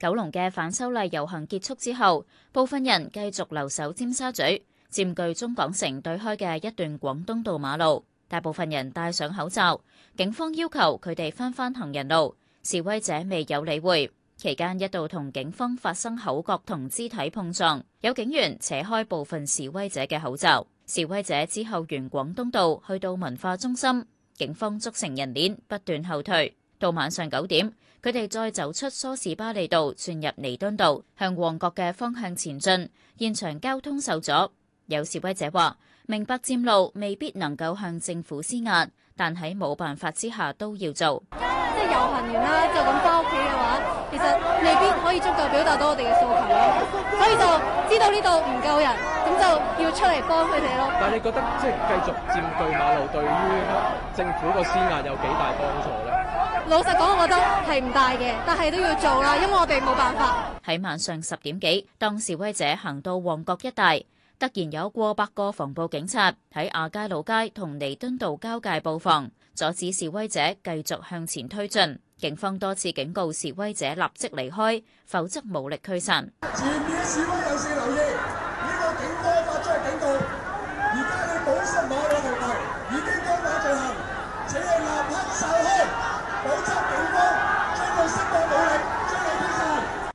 九龍嘅反修例遊行結束之後，部分人繼續留守尖沙咀，佔據中港城對開嘅一段廣東道馬路。大部分人戴上口罩，警方要求佢哋翻返行人路，示威者未有理會。期間一度同警方發生口角同肢體碰撞，有警員扯開部分示威者嘅口罩。示威者之後沿廣東道去到文化中心，警方捉成人鏈，不斷後退。到晚上九點，佢哋再走出梳士巴利道，轉入彌敦道，向旺角嘅方向前進。現場交通受阻，有示威者話：明白佔路未必能夠向政府施壓，但喺冇辦法之下都要做。即係遊行完啦，就咁翻屋企嘅話，其實未必可以足夠表達到我哋嘅訴求咯。所以就知道呢度唔夠人，咁就要出嚟幫佢哋咯。但係你覺得即係繼續佔據馬路，對於政府個施壓有幾大幫助咧？老實講，我覺得係唔大嘅，但係都要做啦，因為我哋冇辦法。喺晚上十點幾，當示威者行到旺角一帶，突然有過百個防暴警察喺亞皆老街同彌敦道交界布防，阻止示威者繼續向前推進。警方多次警告示威者立即離開，否則武力驅散。前面示威人士留意，呢個警方發出警告，而家你保持冇有抬頭，已經將你制衡，請你立刻散開。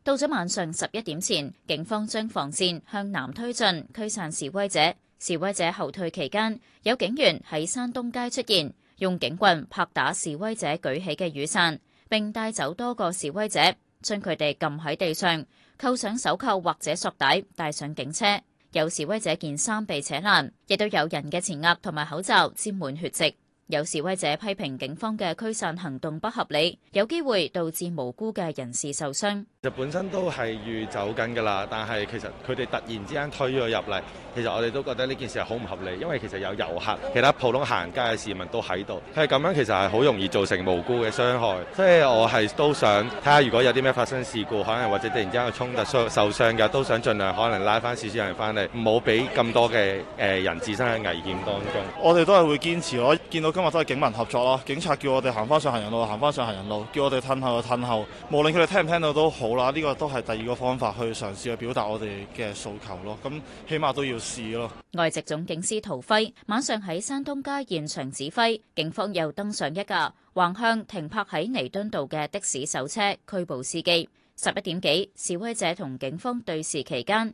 到咗晚上十一點前，警方將防線向南推進，驅散示威者。示威者後退期間，有警員喺山東街出現，用警棍拍打示威者舉起嘅雨傘，並帶走多個示威者，將佢哋撳喺地上，扣上手銬或者索帶，帶上警車。有示威者件衫被扯爛，亦都有人嘅前額同埋口罩沾滿血跡。有示威者批評警方嘅驅散行動不合理，有機會導致無辜嘅人士受傷。其實本身都係預走緊㗎喇，但係其實佢哋突然之間推咗入嚟，其實我哋都覺得呢件事係好唔合理，因為其實有遊客、其他普通行街嘅市民都喺度，係咁樣其實係好容易造成無辜嘅傷害。所以我係都想睇下，如果有啲咩發生事故，可能或者突然之間有衝突、傷受傷嘅，都想盡量可能拉翻少少人翻嚟，唔好俾咁多嘅誒人置身喺危險當中。我哋都係會堅持，我見到。今日都係警民合作咯。警察叫我哋行翻上行人路，行翻上行人路，叫我哋褪後就褪後。無論佢哋聽唔聽到都好啦，呢個都係第二個方法去嘗試去表達我哋嘅訴求咯。咁起碼都要試咯。外籍總警司陶輝晚上喺山東街現場指揮，警方又登上一架橫向停泊喺彌敦道嘅的士手車，拘捕司機。十一點幾，示威者同警方對峙期間，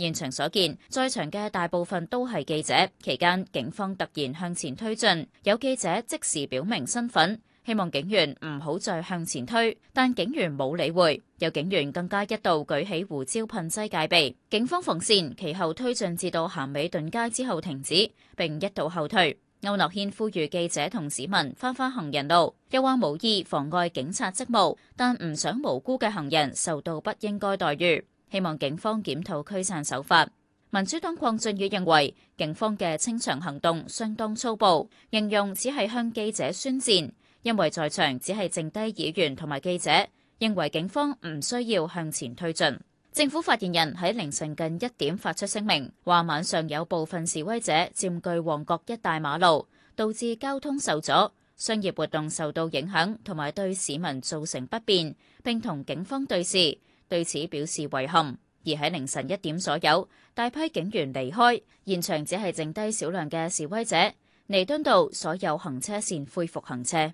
現場所見，在場嘅大部分都係記者。期間，警方突然向前推進，有記者即時表明身份，希望警員唔好再向前推，但警員冇理會。有警員更加一度舉起胡椒噴劑戒，戒備。警方防線其後推進至到咸美頓街之後停止，並一度後退。歐諾軒呼籲記者同市民翻返，返行人路，又話無意妨礙警察職務，但唔想無辜嘅行人受到不應該待遇。希望警方檢討驅散手法。民主黨鄺俊宇認為警方嘅清場行動相當粗暴，形容只係向記者宣戰，因為在場只係剩低議員同埋記者，認為警方唔需要向前推進。政府發言人喺凌晨近一點發出聲明，話晚上有部分示威者佔據旺角一帶馬路，導致交通受阻、商業活動受到影響同埋對市民造成不便，並同警方對峙。對此表示遺憾，而喺凌晨一點左右，大批警員離開現場，只係剩低少量嘅示威者。彌敦道所有行車線恢復行車。